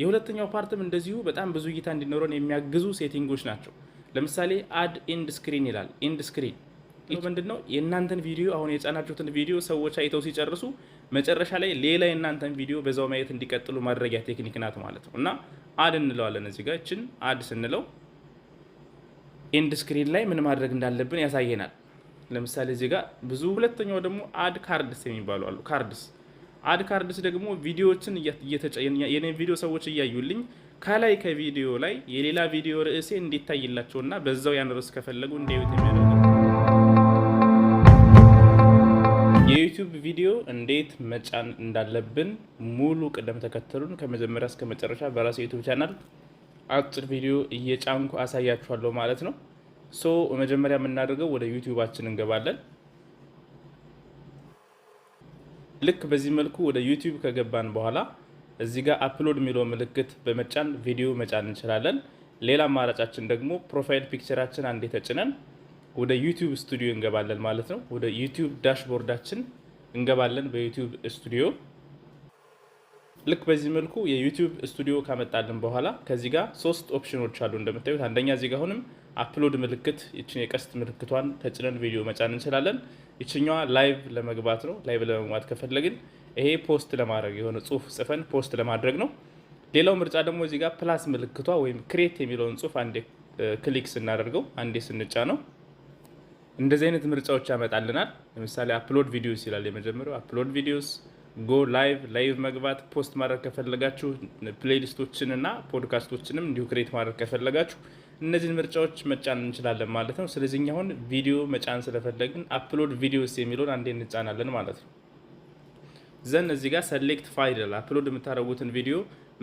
የሁለተኛው ፓርትም እንደዚሁ በጣም ብዙ እይታ እንዲኖረን የሚያግዙ ሴቲንጎች ናቸው። ለምሳሌ አድ ኢንድ ስክሪን ይላል። ኢንድ ስክሪን ምንድን ነው? የእናንተን ቪዲዮ አሁን የጫናችሁትን ቪዲዮ ሰዎች አይተው ሲጨርሱ መጨረሻ ላይ ሌላ የእናንተን ቪዲዮ በዛው ማየት እንዲቀጥሉ ማድረጊያ ቴክኒክ ናት ማለት ነው። እና አድ እንለዋለን እዚህ ጋር እችን አድ ስንለው ኢንድ ስክሪን ላይ ምን ማድረግ እንዳለብን ያሳየናል። ለምሳሌ እዚህ ጋር ብዙ ሁለተኛው ደግሞ አድ ካርድስ የሚባሉ አሉ። ካርድስ አድ ካርድስ ደግሞ ቪዲዮዎችን የኔ ቪዲዮ ሰዎች እያዩልኝ ከላይ ከቪዲዮ ላይ የሌላ ቪዲዮ ርዕሴ እንዲታይላቸውና በዛው ያን ርዕስ ከፈለጉ እንዲያዩት የሚያደርግ የዩቲዩብ ቪዲዮ እንዴት መጫን እንዳለብን ሙሉ ቅደም ተከተሉን ከመጀመሪያ እስከ መጨረሻ በራሴ ዩቱብ ቻናል አጭር ቪዲዮ እየጫንኩ አሳያችኋለሁ ማለት ነው። ሶ መጀመሪያ የምናደርገው ወደ ዩቲዩባችን እንገባለን። ልክ በዚህ መልኩ ወደ ዩቲዩብ ከገባን በኋላ እዚህ ጋር አፕሎድ የሚለው ምልክት በመጫን ቪዲዮ መጫን እንችላለን። ሌላ አማራጫችን ደግሞ ፕሮፋይል ፒክቸራችን አንዴ ተጭነን ወደ ዩቲዩብ ስቱዲዮ እንገባለን ማለት ነው። ወደ ዩቲዩብ ዳሽቦርዳችን እንገባለን በዩቲዩብ ስቱዲዮ። ልክ በዚህ መልኩ የዩቲዩብ ስቱዲዮ ካመጣልን በኋላ ከዚህ ጋር ሶስት ኦፕሽኖች አሉ እንደምታዩት። አንደኛ እዚህ ጋር አሁንም አፕሎድ ምልክት ይችን የቀስት ምልክቷን ተጭነን ቪዲዮ መጫን እንችላለን። ይችኛዋ ላይቭ ለመግባት ነው። ላይቭ ለመግባት ከፈለግን ይሄ ፖስት ለማድረግ የሆነ ጽሁፍ ጽፈን ፖስት ለማድረግ ነው። ሌላው ምርጫ ደግሞ እዚህ ጋር ፕላስ ምልክቷ ወይም ክሬት የሚለውን ጽሁፍ አንዴ ክሊክ ስናደርገው አንዴ ስንጫ ነው እንደዚህ አይነት ምርጫዎች ያመጣልናል። ለምሳሌ አፕሎድ ቪዲዮስ ይላል የመጀመሪያው። አፕሎድ ቪዲዮስ፣ ጎ ላይቭ፣ ላይቭ መግባት፣ ፖስት ማድረግ ከፈለጋችሁ ፕሌሊስቶችን እና ፖድካስቶችንም እንዲሁ ክሬት ማድረግ ከፈለጋችሁ እነዚህን ምርጫዎች መጫን እንችላለን ማለት ነው። ስለዚህ አሁን ቪዲዮ መጫን ስለፈለግን አፕሎድ ቪዲዮስ የሚለውን አንዴ እንጫናለን ማለት ነው። ዘን እዚህ ጋር ሰሌክት ፋይል አፕሎድ የምታደርጉትን ቪዲዮ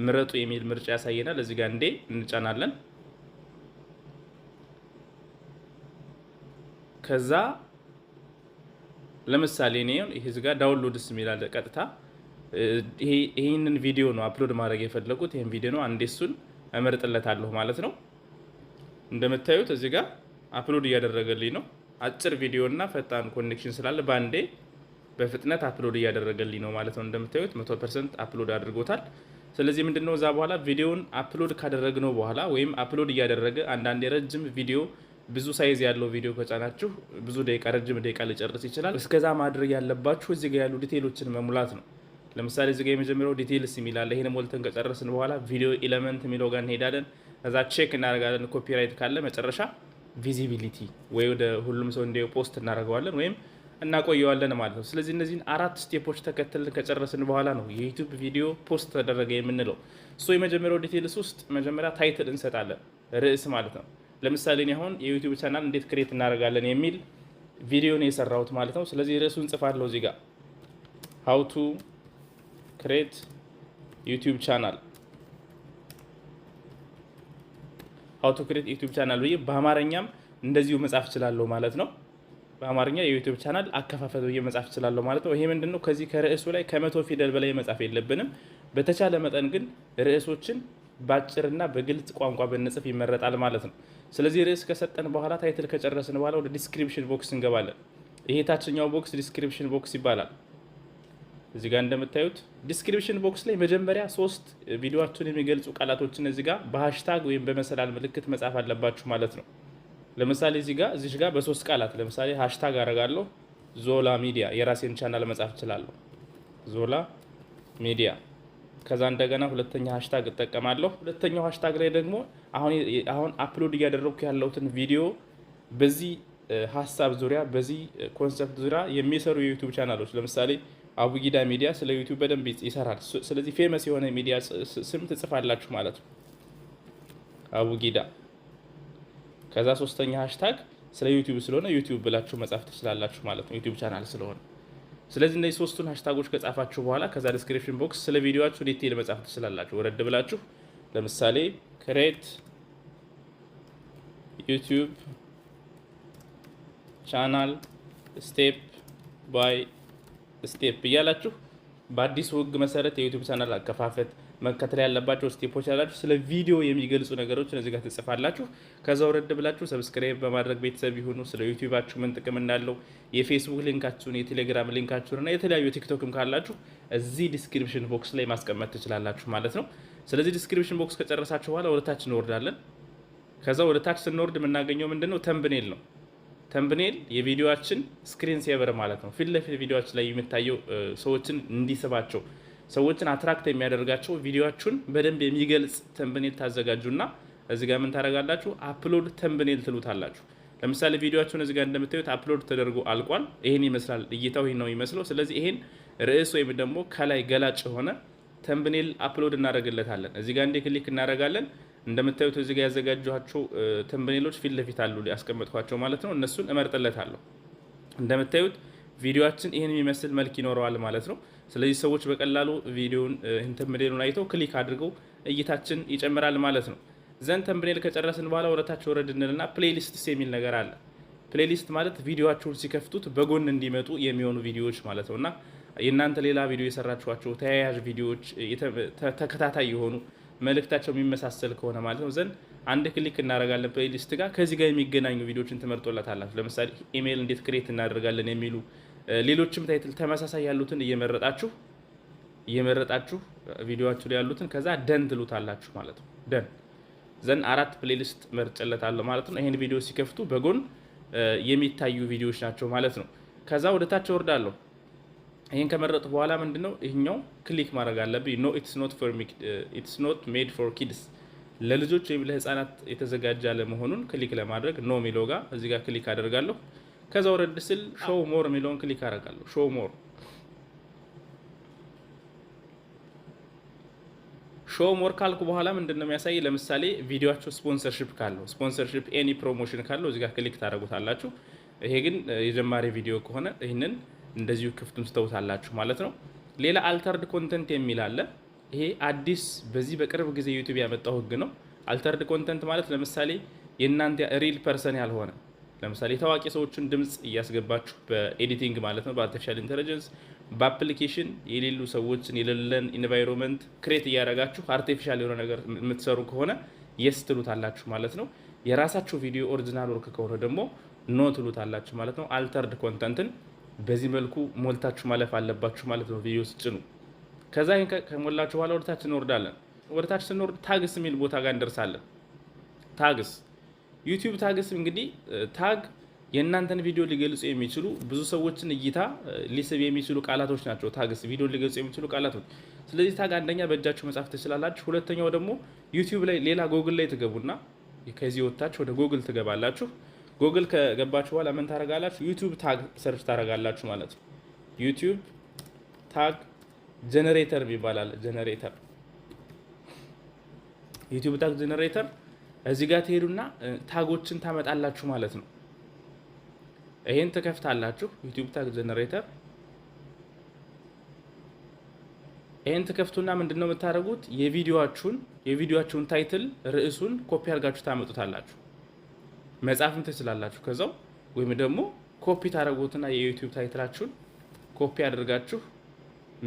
ምረጡ የሚል ምርጫ ያሳየናል። እዚህ ጋር እንዴ እንጫናለን። ከዛ ለምሳሌ እኔ ይሄ እዚህ ጋር ዳውንሎድስ የሚላል ቀጥታ ይህንን ቪዲዮ ነው አፕሎድ ማድረግ የፈለጉት ይህን ቪዲዮ ነው። አንዴ እሱን እመርጥለታለሁ ማለት ነው። እንደምታዩት እዚህ ጋር አፕሎድ እያደረገልኝ ነው። አጭር ቪዲዮ እና ፈጣን ኮኔክሽን ስላለ በአንዴ በፍጥነት አፕሎድ እያደረገልኝ ነው ማለት ነው። እንደምታዩት መቶ ፐርሰንት አፕሎድ አድርጎታል። ስለዚህ ምንድነው እዛ በኋላ ቪዲዮውን አፕሎድ ካደረግነው በኋላ ወይም አፕሎድ እያደረገ አንዳንድ የረጅም ቪዲዮ ብዙ ሳይዝ ያለው ቪዲዮ ከጫናችሁ ብዙ ደቂቃ ረጅም ደቂቃ ሊጨርስ ይችላል። እስከዛ ማድረግ ያለባችሁ እዚህ ጋር ያሉ ዲቴይሎችን መሙላት ነው። ለምሳሌ እዚህ ጋር የመጀመሪያው ዲቴይልስ የሚላለ ይህን ሞልተን ከጨረስን በኋላ ቪዲዮ ኤለመንት የሚለው ጋር እንሄዳለን። እዛ ቼክ እናደርጋለን። ኮፒራይት ካለ መጨረሻ ቪዚቢሊቲ ወይ ወደ ሁሉም ሰው እንዲ ፖስት እናደርገዋለን ወይም እናቆየዋለን ማለት ነው። ስለዚህ እነዚህን አራት ስቴፖች ተከተልን ከጨረስን በኋላ ነው የዩቱብ ቪዲዮ ፖስት ተደረገ የምንለው። እሱ የመጀመሪያው ዲቴልስ ውስጥ መጀመሪያ ታይትል እንሰጣለን፣ ርዕስ ማለት ነው። ለምሳሌ እኔ አሁን ቻናል እንዴት ክሬት እናደርጋለን የሚል ቪዲዮ ነው የሰራሁት ማለት ነው። ስለዚህ ርዕሱን እንጽፋለሁ እዚህ ጋር ቱ ክሬት ዩቱብ ቻናል አውቶክሬት ዩቱብ ቻናል ብዬ በአማርኛም እንደዚሁ መጻፍ እችላለሁ ማለት ነው። በአማርኛ የዩቱብ ቻናል አከፋፈት ብዬ መጻፍ እችላለሁ ማለት ነው። ይሄ ምንድን ነው? ከዚህ ከርዕሱ ላይ ከመቶ ፊደል በላይ መጻፍ የለብንም። በተቻለ መጠን ግን ርዕሶችን በአጭርና በግልጽ ቋንቋ ብንጽፍ ይመረጣል ማለት ነው። ስለዚህ ርዕስ ከሰጠን በኋላ ታይትል ከጨረስን በኋላ ወደ ዲስክሪፕሽን ቦክስ እንገባለን። ይሄ ታችኛው ቦክስ ዲስክሪፕሽን ቦክስ ይባላል። እዚህ ጋር እንደምታዩት ዲስክሪፕሽን ቦክስ ላይ መጀመሪያ ሶስት ቪዲዮችን የሚገልጹ ቃላቶችን እዚህ ጋር በሀሽታግ ወይም በመሰላል ምልክት መጻፍ አለባችሁ ማለት ነው። ለምሳሌ እዚህ ጋር እዚህ ጋር በሶስት ቃላት ለምሳሌ ሀሽታግ አደርጋለሁ ዞላ ሚዲያ የራሴን ቻናል መጻፍ እችላለሁ። ዞላ ሚዲያ ከዛ እንደገና ሁለተኛ ሀሽታግ እጠቀማለሁ። ሁለተኛው ሀሽታግ ላይ ደግሞ አሁን አፕሎድ እያደረግኩ ያለሁትን ቪዲዮ በዚህ ሀሳብ ዙሪያ በዚህ ኮንሰፕት ዙሪያ የሚሰሩ የዩቱብ ቻናሎች ለምሳሌ አቡጊዳ ሚዲያ ስለ ዩቲዩብ በደንብ ይሰራል። ስለዚህ ፌመስ የሆነ ሚዲያ ስም ትጽፋላችሁ ማለት ነው። አቡጊዳ ከዛ ሶስተኛ ሀሽታግ ስለ ዩቲዩብ ስለሆነ ዩቲዩብ ብላችሁ መጻፍ ትችላላችሁ ማለት ነው። ዩቲዩብ ቻናል ስለሆነ ስለዚህ እነዚህ ሶስቱን ሀሽታጎች ከጻፋችሁ በኋላ ከዛ ዲስክሪፕሽን ቦክስ ስለ ቪዲዮችሁ ዲቴል መጻፍ ትችላላችሁ። ወረድ ብላችሁ ለምሳሌ ክሬት ዩቲዩብ ቻናል ስቴፕ ባይ ስቴፕ እያላችሁ በአዲሱ ሕግ መሰረት የዩቱብ ቻናል አከፋፈት መከተል ያለባቸው ስቴፖች ያላችሁ ስለ ቪዲዮ የሚገልጹ ነገሮች እነዚህ ጋር ትጽፋላችሁ። ከዛ ውረድ ብላችሁ ሰብስክራይብ በማድረግ ቤተሰብ ይሁኑ። ስለ ዩቱባችሁ ምን ጥቅም እንዳለው የፌስቡክ ሊንካችሁን፣ የቴሌግራም ሊንካችሁን እና የተለያዩ ቲክቶክም ካላችሁ እዚህ ዲስክሪፕሽን ቦክስ ላይ ማስቀመጥ ትችላላችሁ ማለት ነው። ስለዚህ ዲስክሪፕሽን ቦክስ ከጨረሳችሁ በኋላ ወደታች እንወርዳለን። ከዛ ወደታች ስንወርድ የምናገኘው ምንድን ነው? ነው። ተምብኔል የቪዲዮችን ስክሪን ሴቨር ማለት ነው። ፊት ለፊት ቪዲዮች ላይ የሚታየው ሰዎችን እንዲስባቸው ሰዎችን አትራክት የሚያደርጋቸው ቪዲዮችን በደንብ የሚገልጽ ተምብኔል ታዘጋጁና እዚህ ጋር ምን ታደርጋላችሁ? አፕሎድ ተምብኔል ትሉታላችሁ። ለምሳሌ ቪዲዮችን እዚህ ጋር እንደምታዩት አፕሎድ ተደርጎ አልቋል። ይሄን ይመስላል። እይታው ይሄን ነው የሚመስለው። ስለዚህ ይሄን ርዕስ ወይም ደግሞ ከላይ ገላጭ የሆነ ተምብኔል አፕሎድ እናደርግለታለን። እዚህ ጋር እንዴ ክሊክ እናደርጋለን። እንደምታዩት እዚህ ጋር ያዘጋጀኋቸው ተምብኔሎች ፊት ለፊት አሉ ያስቀመጥኳቸው ማለት ነው። እነሱን እመርጥለታለሁ። እንደምታዩት ቪዲዮችን ይህን የሚመስል መልክ ይኖረዋል ማለት ነው። ስለዚህ ሰዎች በቀላሉ ቪዲዮን ይህን ተምብኔሉን አይተው ክሊክ አድርገው እይታችን ይጨምራል ማለት ነው። ዘንድ ተምብኔል ከጨረስን በኋላ ወረታቸው ወረድ እንልና ፕሌሊስትስ የሚል ነገር አለ። ፕሌሊስት ማለት ቪዲዮቸውን ሲከፍቱት በጎን እንዲመጡ የሚሆኑ ቪዲዮዎች ማለት ነው እና የእናንተ ሌላ ቪዲዮ የሰራችኋቸው ተያያዥ ቪዲዮዎች ተከታታይ የሆኑ መልእክታቸው የሚመሳሰል ከሆነ ማለት ነው ዘንድ አንድ ክሊክ እናደርጋለን ፕሌሊስት ጋር ከዚህ ጋር የሚገናኙ ቪዲዮችን ትመርጦላታላችሁ። ለምሳሌ ኢሜይል እንዴት ክሬት እናደርጋለን የሚሉ ሌሎችም ታይትል ተመሳሳይ ያሉትን እየመረጣችሁ እየመረጣችሁ ቪዲዮችሁ ላይ ያሉትን ከዛ ደን ትሉታላችሁ ማለት ነው። ደን ዘን አራት ፕሌሊስት መርጨለታለሁ ማለት ነው። ይህን ቪዲዮ ሲከፍቱ በጎን የሚታዩ ቪዲዮዎች ናቸው ማለት ነው። ከዛ ወደታች ወርዳለሁ ይህን ከመረጡ በኋላ ምንድ ነው ይህኛው ክሊክ ማድረግ አለብኝ። ኖ ኢትስ ኖት ሜድ ፎር ኪድስ ለልጆች ወይም ለህፃናት የተዘጋጀ አለመሆኑን ክሊክ ለማድረግ ኖ ሚለው ጋር እዚህ ጋር ክሊክ አደርጋለሁ። ከዛ ወረድ ስል ሾው ሞር የሚለውን ክሊክ አደርጋለሁ። ሾው ሞር ሾው ሞር ካልኩ በኋላ ምንድነው የሚያሳይ? ለምሳሌ ቪዲዮቸው ስፖንሰርሽፕ ካለው ስፖንሰርሽፕ ኤኒ ፕሮሞሽን ካለው እዚጋ ክሊክ ታደረጉታላችሁ። ይሄ ግን የጀማሪ ቪዲዮ ከሆነ ይህንን እንደዚሁ ክፍቱን ስተውታላችሁ ማለት ነው። ሌላ አልተርድ ኮንተንት የሚል አለ። ይሄ አዲስ በዚህ በቅርብ ጊዜ ዩቱብ ያመጣው ህግ ነው። አልተርድ ኮንተንት ማለት ለምሳሌ የእናንተ ሪል ፐርሰን ያልሆነ ለምሳሌ ታዋቂ ሰዎችን ድምፅ እያስገባችሁ በኤዲቲንግ ማለት ነው፣ በአርቲፊሻል ኢንቴሊጀንስ በአፕሊኬሽን የሌሉ ሰዎችን የሌለን ኢንቫይሮንመንት ክሬት እያደረጋችሁ አርቲፊሻል የሆነ ነገር የምትሰሩ ከሆነ የስ ትሉታላችሁ ማለት ነው። የራሳችሁ ቪዲዮ ኦሪጂናል ወርክ ከሆነ ደግሞ ኖ ትሉታላችሁ ማለት ነው። አልተርድ ኮንተንትን በዚህ መልኩ ሞልታችሁ ማለፍ አለባችሁ ማለት ነው። ቪዲዮ ስጭኑ። ከዛ ከሞላችሁ በኋላ ወደታች እንወርዳለን። ወደታች ስንወርድ ታግስ የሚል ቦታ ጋር እንደርሳለን። ታግስ ዩቲዩብ ታግስ እንግዲህ ታግ የእናንተን ቪዲዮ ሊገልጹ የሚችሉ ብዙ ሰዎችን እይታ ሊስብ የሚችሉ ቃላቶች ናቸው። ታግስ ቪዲዮ ሊገልጹ የሚችሉ ቃላቶች። ስለዚህ ታግ አንደኛ በእጃችሁ መጻፍ ትችላላችሁ። ሁለተኛው ደግሞ ዩቲዩብ ላይ ሌላ ጎግል ላይ ትገቡና ከዚህ ወጥታችሁ ወደ ጎግል ትገባላችሁ። ጉግል ከገባችሁ በኋላ ምን ታደርጋላችሁ? ዩቲዩብ ታግ ሰርች ታደርጋላችሁ ማለት ነው። ዩቲዩብ ታግ ጀነሬተር ይባላል። ጀነሬተር ዩቲዩብ ታግ ጀነሬተር እዚህ ጋር ትሄዱና ታጎችን ታመጣላችሁ ማለት ነው። ይሄን ትከፍታላችሁ። ዩቲዩብ ታግ ጀነሬተር ይህን ትከፍቱና ምንድነው የምታደርጉት? የቪዲዮችሁን የቪዲዮችሁን ታይትል ርዕሱን ኮፒ አድርጋችሁ ታመጡታላችሁ። መጻፍም ትችላላችሁ ከዛው ወይም ደግሞ ኮፒ ታደረጉትና የዩቲዩብ ታይትላችሁን ኮፒ አድርጋችሁ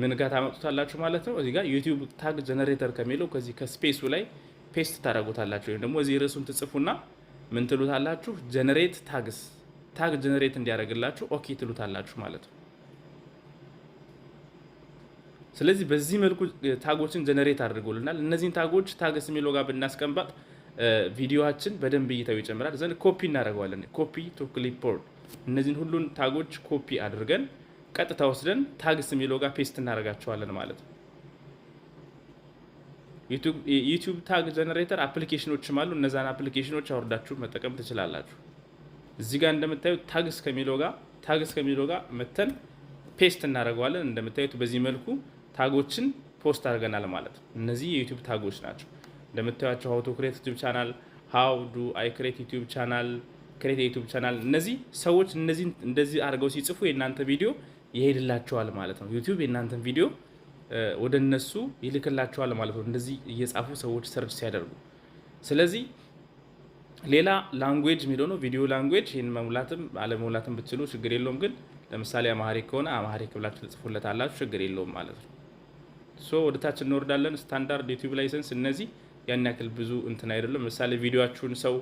ምን ጋር ታመጡታላችሁ ማለት ነው። እዚህ ጋር ዩቲዩብ ታግ ጀነሬተር ከሚለው ከዚህ ከስፔሱ ላይ ፔስት ታደረጉታላችሁ ወይም ደግሞ እዚህ ርዕሱን ትጽፉና ምን ትሉታላችሁ ጀነሬት ታግስ ታግ ጀነሬት እንዲያደርግላችሁ ኦኬ ትሉታላችሁ ማለት ነው። ስለዚህ በዚህ መልኩ ታጎችን ጀነሬት አድርጎልናል። እነዚህን ታጎች ታግስ የሚለው ጋር ብናስቀምጥ ቪዲዮችን በደንብ እይታው ይጨምራል ዘንድ ኮፒ እናደርገዋለን። ኮፒ ቱ ክሊፕቦርድ እነዚህን ሁሉን ታጎች ኮፒ አድርገን ቀጥታ ወስደን ታግስ የሚለው ጋር ፔስት እናደርጋቸዋለን ማለት ነው። ዩቲዩብ ታግ ጀነሬተር አፕሊኬሽኖችም አሉ። እነዛን አፕሊኬሽኖች አውርዳችሁ መጠቀም ትችላላችሁ። እዚህ ጋር እንደምታዩት ታግስ ከሚለው ጋር ታግስ ከሚለው ጋር መተን ፔስት እናደርገዋለን። እንደምታዩት በዚህ መልኩ ታጎችን ፖስት አድርገናል ማለት ነው። እነዚህ የዩቲዩብ ታጎች ናቸው። እንደምታዩቸው ሀው ቱ ክሬት ዩቲዩብ ቻናል፣ ሀው ዱ አይ ክሬት ዩቲዩብ ቻናል፣ ክሬት ዩቲዩብ ቻናል። እነዚህ ሰዎች እነዚህ እንደዚህ አድርገው ሲጽፉ የእናንተ ቪዲዮ ይሄድላቸዋል ማለት ነው። ዩቲዩብ የእናንተን ቪዲዮ ወደ እነሱ ይልክላቸዋል ማለት ነው። እንደዚህ እየጻፉ ሰዎች ሰርች ሲያደርጉ ስለዚህ ሌላ ላንጉዌጅ የሚለው ነው። ቪዲዮ ላንጉዌጅ ይህን መሙላትም አለመሙላትም ብትችሉ ችግር የለውም። ግን ለምሳሌ አማሪክ ከሆነ አማሪክ ብላችሁ ልጽፉለት አላችሁ ችግር የለውም ማለት ነው። ሶ ወደታችን እንወርዳለን። ስታንዳርድ ዩቲዩብ ላይሰንስ እነዚህ ያን ያክል ብዙ እንትን አይደለም። ለምሳሌ ቪዲዮችሁን ሰው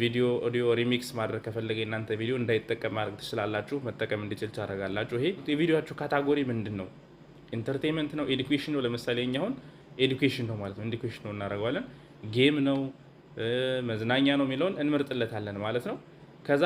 ቪዲዮ ኦዲዮ ሪሚክስ ማድረግ ከፈለገ እናንተ ቪዲዮ እንዳይጠቀም ማድረግ ትችላላችሁ። መጠቀም እንዲችል ታደርጋላችሁ። ይሄ የቪዲዮችሁ ካታጎሪ ምንድን ነው? ኢንተርቴንመንት ነው፣ ኤዱኬሽን ነው። ለምሳሌ እኛ አሁን ኤዱኬሽን ነው ማለት ነው፣ ኤዱኬሽን ነው እናደርገዋለን። ጌም ነው፣ መዝናኛ ነው የሚለውን እንመርጥለታለን ማለት ነው። ከዛ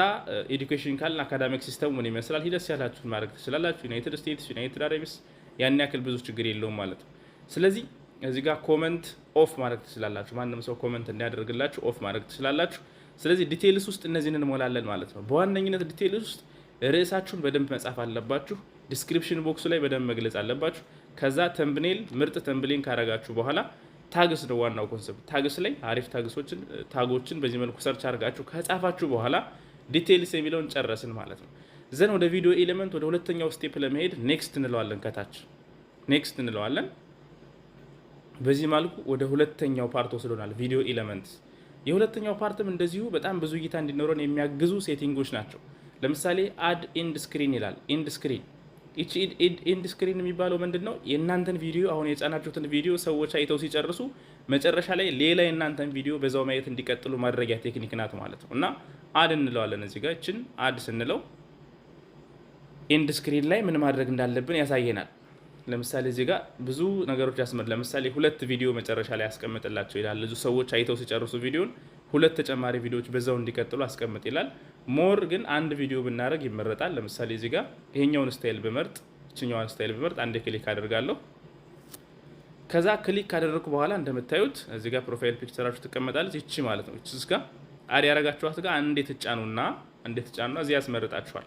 ኤዱኬሽን ካልን አካዳሚክ ሲስተም ምን ይመስላል፣ ሂደስ ያላችሁን ማድረግ ትችላላችሁ። ዩናይትድ ስቴትስ፣ ዩናይትድ አረብስ ያን ያክል ብዙ ችግር የለውም ማለት ነው። ስለዚህ እዚህ ጋር ኮመንት ኦፍ ማድረግ ትችላላችሁ። ማንም ሰው ኮመንት እንዲያደርግላችሁ ኦፍ ማድረግ ትችላላችሁ። ስለዚህ ዲቴይልስ ውስጥ እነዚህን እንሞላለን ማለት ነው። በዋነኝነት ዲቴይልስ ውስጥ ርዕሳችሁን በደንብ መጻፍ አለባችሁ። ዲስክሪፕሽን ቦክሱ ላይ በደንብ መግለጽ አለባችሁ። ከዛ ተምብኔል ምርጥ ተምብኔል ካረጋችሁ በኋላ ታግስ ነው ዋናው ኮንሰፕት። ታግስ ላይ አሪፍ ታግሶችን ታጎችን በዚህ መልኩ ሰርች አድርጋችሁ ከጻፋችሁ በኋላ ዲቴይልስ የሚለውን ጨረስን ማለት ነው። ዘን ወደ ቪዲዮ ኤሌመንት ወደ ሁለተኛው ስቴፕ ለመሄድ ኔክስት እንለዋለን። ከታች ኔክስት እንለዋለን። በዚህ መልኩ ወደ ሁለተኛው ፓርት ወስዶናል። ቪዲዮ ኤለመንት የሁለተኛው ፓርትም እንደዚሁ በጣም ብዙ እይታ እንዲኖረን የሚያግዙ ሴቲንጎች ናቸው። ለምሳሌ አድ ኢንድ ስክሪን ይላል። ኢንድ ስክሪን ይቺ ኢንድ ስክሪን የሚባለው ምንድን ነው? የእናንተን ቪዲዮ አሁን የጫናችሁትን ቪዲዮ ሰዎች አይተው ሲጨርሱ መጨረሻ ላይ ሌላ የእናንተን ቪዲዮ በዛው ማየት እንዲቀጥሉ ማድረጊያ ቴክኒክ ናት ማለት ነው። እና አድ እንለዋለን እዚህ ጋር ይችን አድ ስንለው ኢንድ ስክሪን ላይ ምን ማድረግ እንዳለብን ያሳየናል። ለምሳሌ እዚህ ጋር ብዙ ነገሮች ያስመድ ለምሳሌ ሁለት ቪዲዮ መጨረሻ ላይ ያስቀምጥላቸው ይላል። ብዙ ሰዎች አይተው ሲጨርሱ ቪዲዮን ሁለት ተጨማሪ ቪዲዮዎች በዛው እንዲቀጥሉ አስቀምጥ ይላል። ሞር ግን አንድ ቪዲዮ ብናደረግ ይመረጣል። ለምሳሌ እዚህ ጋር ይሄኛውን ስታይል ብመርጥ፣ ይችኛዋን ስታይል ብመርጥ አንድ ክሊክ አደርጋለሁ። ከዛ ክሊክ ካደረግኩ በኋላ እንደምታዩት እዚህ ጋር ፕሮፋይል ፒክቸራችሁ ትቀመጣለች። ይቺ ማለት ነው። ይቺ እስጋ አድ ያረጋችኋት ጋር እንዴት ትጫኑና እንዴት ትጫኑና እዚህ ያስመርጣችኋል።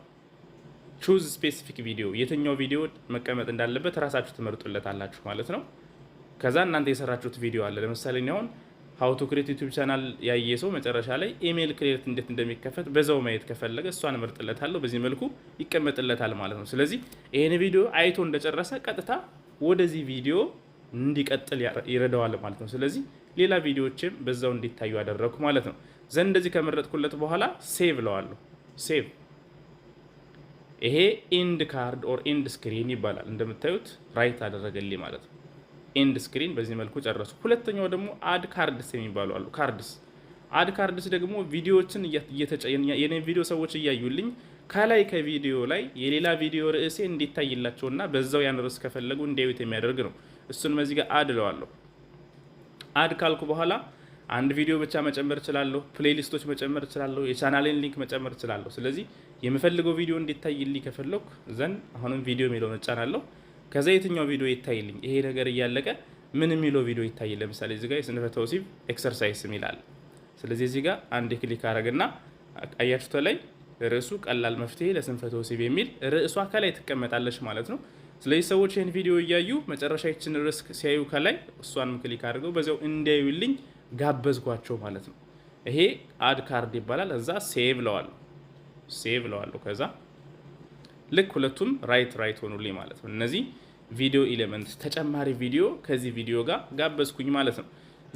ቹዝ ስፔሲፊክ ቪዲዮ የትኛው ቪዲዮ መቀመጥ እንዳለበት እራሳችሁ ትመርጡለት አላችሁ ማለት ነው። ከዛ እናንተ የሰራችሁት ቪዲዮ አለ። ለምሳሌ አሁን ሀው ቱ ክሬት ዩቲዩብ ቻናል ያየ ሰው መጨረሻ ላይ ኢሜይል ክሬት እንዴት እንደሚከፈት በዛው ማየት ከፈለገ እሷን እመርጥለታለሁ። በዚህ መልኩ ይቀመጥለታል ማለት ነው። ስለዚህ ይህን ቪዲዮ አይቶ እንደጨረሰ ቀጥታ ወደዚህ ቪዲዮ እንዲቀጥል ይረዳዋል ማለት ነው። ስለዚህ ሌላ ቪዲዮዎችም በዛው እንዲታዩ አደረግኩ ማለት ነው። ዘንድ እንደዚህ ከመረጥኩለት በኋላ ሴቭ ለዋለሁ ሴቭ ይሄ ኢንድ ካርድ ኦር ኢንድ ስክሪን ይባላል። እንደምታዩት ራይት አደረገልኝ ማለት ነው። ኢንድ ስክሪን በዚህ መልኩ ጨረሱ። ሁለተኛው ደግሞ አድ ካርድስ የሚባሉ አሉ። ካርድስ አድ ካርድስ ደግሞ ቪዲዮዎችን የኔ ቪዲዮ ሰዎች እያዩልኝ ከላይ ከቪዲዮ ላይ የሌላ ቪዲዮ ርዕሴ እንዲታይላቸውና በዛው ያን ርዕስ ከፈለጉ እንዲያዩት የሚያደርግ ነው። እሱን በዚህ ጋር አድ እለዋለሁ። አድ ካልኩ በኋላ አንድ ቪዲዮ ብቻ መጨመር እችላለሁ። ፕሌሊስቶች መጨመር እችላለሁ። የቻናሌን ሊንክ መጨመር እችላለሁ። ስለዚህ የምፈልገው ቪዲዮ እንዲታይልኝ ከፈለኩ ዘንድ አሁንም ቪዲዮ የሚለውን እጫናለሁ። ከዛ የትኛው ቪዲዮ ይታይልኝ፣ ይሄ ነገር እያለቀ ምን የሚለው ቪዲዮ ይታይ። ለምሳሌ እዚህ ጋር የስንፈተ ወሲብ ኤክሰርሳይዝ ይላል። ስለዚህ እዚህ ጋር አንድ ክሊክ አረግና አያችሁት ላይ ርዕሱ ቀላል መፍትሄ ለስንፈተ ወሲብ የሚል ርዕሷ ከላይ ትቀመጣለች ማለት ነው። ስለዚህ ሰዎች ይህን ቪዲዮ እያዩ መጨረሻ ይችን ርዕስ ሲያዩ ከላይ እሷንም ክሊክ አድርገው በዚያው እንዲያዩልኝ ጋበዝኳቸው ማለት ነው። ይሄ አድ ካርድ ይባላል። እዛ ሴቭ ለዋለሁ ሴቭ ለዋለሁ። ከዛ ልክ ሁለቱም ራይት ራይት ሆኑልኝ ማለት ነው። እነዚህ ቪዲዮ ኤሌመንት ተጨማሪ ቪዲዮ ከዚህ ቪዲዮ ጋር ጋበዝኩኝ ማለት ነው።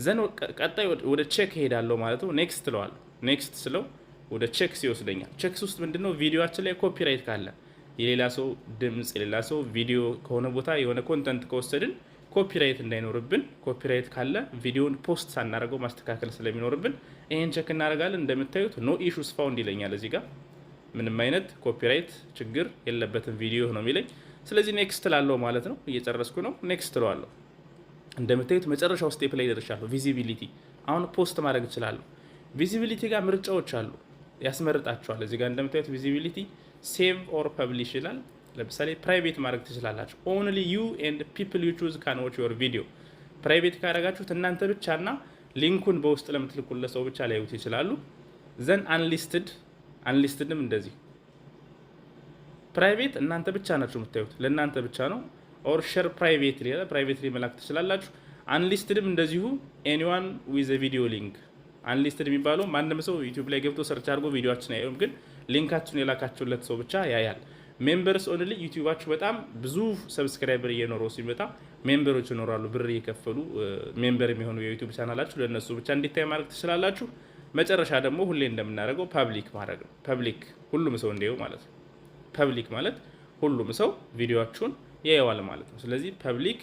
ዘን ቀጣይ ወደ ቼክ እሄዳለሁ ማለት ነው። ኔክስት ለዋለሁ። ኔክስት ስለው ወደ ቼክስ ይወስደኛል። ቼክስ ውስጥ ምንድነው ቪዲዮችን ላይ ኮፒራይት ካለ የሌላ ሰው ድምፅ የሌላ ሰው ቪዲዮ ከሆነ ቦታ የሆነ ኮንተንት ከወሰድን ኮፒራይት እንዳይኖርብን ኮፒራይት ካለ ቪዲዮን ፖስት ሳናደርገው ማስተካከል ስለሚኖርብን ይህን ቸክ እናደርጋለን። እንደምታዩት ኖ ኢሹስ ፋውንድ ይለኛል እዚህ ጋር ምንም አይነት ኮፒራይት ችግር የለበትም ቪዲዮ ነው የሚለኝ። ስለዚህ ኔክስት ላለው ማለት ነው እየጨረስኩ ነው ኔክስት ለዋለሁ። እንደምታዩት መጨረሻው ስቴፕ ላይ ደርሻለሁ። ቪዚቢሊቲ አሁን ፖስት ማድረግ እችላለሁ። ቪዚቢሊቲ ጋር ምርጫዎች አሉ፣ ያስመርጣቸዋል። እዚህ ጋር እንደምታዩት ቪዚቢሊቲ ሴቭ ኦር ፐብሊሽ ይላል። ለምሳሌ ፕራይቬት ማድረግ ትችላላችሁ። ኦንሊ ዩ ኤንድ ፒፕል ዩ ቹዝ ካን ዎች ዮር ቪዲዮ ፕራይቬት ካደረጋችሁት እናንተ ብቻና ሊንኩን በውስጥ ለምትልኩለት ሰው ብቻ ሊያዩት ይችላሉ። ዘን አንሊስትድ አንሊስትድም እንደዚህ ፕራይቬት እናንተ ብቻ ናችሁ የምታዩት፣ ለእናንተ ብቻ ነው። ኦር ሸር ፕራይቬት ሌላ ፕራይቬት መላክ ትችላላችሁ። አንሊስትድም እንደዚሁ ኤኒዋን ዊዝ ቪዲዮ ሊንክ አንሊስትድ የሚባለው ማንም ሰው ዩቲዩብ ላይ ገብቶ ሰርች አድርጎ ቪዲዮችን አያዩም፣ ግን ሊንካችሁን የላካችሁለት ሰው ብቻ ያያል። ሜምበርስ ኦንሊ ዩቲዩባችሁ በጣም ብዙ ሰብስክራይበር እየኖረው ሲመጣ ሜምበሮች ይኖራሉ። ብር እየከፈሉ ሜምበር የሚሆኑ የዩቲዩብ ቻናላችሁ ለእነሱ ብቻ እንዲታይ ማድረግ ትችላላችሁ። መጨረሻ ደግሞ ሁሌ እንደምናደርገው ፐብሊክ ማድረግ ነው። ፐብሊክ ሁሉም ሰው እንዲየው ማለት ነው። ፐብሊክ ማለት ሁሉም ሰው ቪዲዮችሁን ያየዋል ማለት ነው። ስለዚህ ፐብሊክ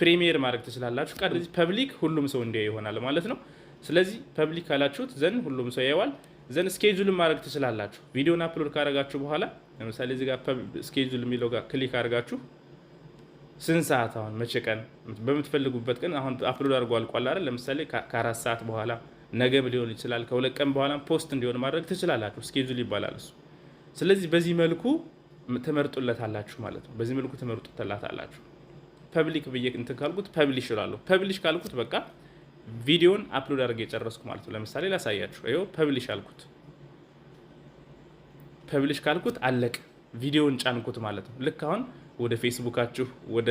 ፕሪሚየር ማድረግ ትችላላችሁ። ቃ ፐብሊክ ሁሉም ሰው እንዲያው ይሆናል ማለት ነው። ስለዚህ ፐብሊክ ካላችሁት ዘን ሁሉም ሰው ያየዋል ዘን ስኬጁልን ማድረግ ትችላላችሁ። ቪዲዮን አፕሎድ ካደረጋችሁ በኋላ ለምሳሌ እዚህ ጋር ስኬጁል የሚለው ጋር ክሊክ አድርጋችሁ ስንት ሰዓት አሁን መቼ ቀን በምትፈልጉበት ቀን አሁን አፕሎድ አድርጎ አልቋል አይደል? ለምሳሌ ከአራት ሰዓት በኋላ ነገም ሊሆን ይችላል፣ ከሁለት ቀን በኋላ ፖስት እንዲሆን ማድረግ ትችላላችሁ። ስኬጁል ይባላል እሱ። ስለዚህ በዚህ መልኩ ትመርጡለታላችሁ ማለት ነው። በዚህ መልኩ ትመርጡለታላችሁ። ፐብሊክ ብዬ እንትን ካልኩት ፐብሊሽ እላለሁ። ፐብሊሽ ካልኩት በቃ ቪዲዮን አፕሎድ አድርጌ የጨረስኩ ማለት ነው። ለምሳሌ ላሳያችሁ። ይኸው ፐብሊሽ አልኩት። ፐብሊሽ ካልኩት አለቅ ቪዲዮን ጫንኩት ማለት ነው። ልክ አሁን ወደ ፌስቡካችሁ፣ ወደ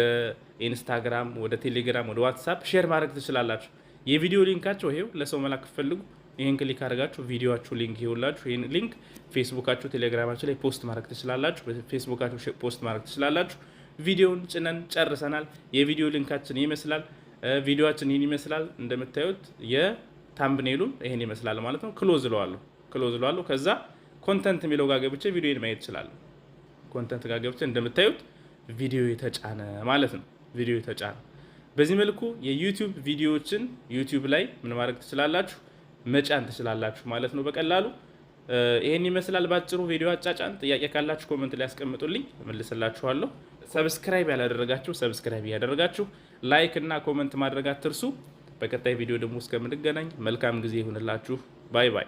ኢንስታግራም፣ ወደ ቴሌግራም፣ ወደ ዋትሳፕ ሼር ማድረግ ትችላላችሁ። የቪዲዮ ሊንካቸው ይሄው ለሰው መላክ ፈልጉ። ይህን ክሊክ አድርጋችሁ ቪዲዮችሁ ሊንክ ይሁላችሁ። ይህን ሊንክ ፌስቡካችሁ፣ ቴሌግራማችሁ ላይ ፖስት ማድረግ ትችላላችሁ። ፌስቡካችሁ ፖስት ማድረግ ትችላላችሁ። ቪዲዮን ጭነን ጨርሰናል። የቪዲዮ ሊንካችን ይመስላል። ቪዲዮችን ይህን ይመስላል። እንደምታዩት የታምብኔሉም ይህን ይመስላል ማለት ነው። ክሎዝ ለዋለሁ ክሎዝ ለዋለሁ ከዛ ኮንተንት የሚለው ጋር ገብቼ ቪዲዮን ማየት ይችላል። ኮንተንት ጋር ገብቼ እንደምታዩት ቪዲዮ የተጫነ ማለት ነው። ቪዲዮ የተጫነ በዚህ መልኩ የዩቲዩብ ቪዲዮዎችን ዩቲዩብ ላይ ምን ማድረግ ትችላላችሁ? መጫን ትችላላችሁ ማለት ነው በቀላሉ ይህን ይመስላል ባጭሩ ቪዲዮ አጫጫን። ጥያቄ ካላችሁ ኮመንት ላይ ያስቀምጡልኝ፣ መልስላችኋለሁ። ሰብስክራይብ ያላደረጋችሁ ሰብስክራይብ እያደረጋችሁ ላይክ እና ኮመንት ማድረግ አትርሱ። በቀጣይ ቪዲዮ ደግሞ እስከምንገናኝ መልካም ጊዜ ይሁንላችሁ። ባይ ባይ።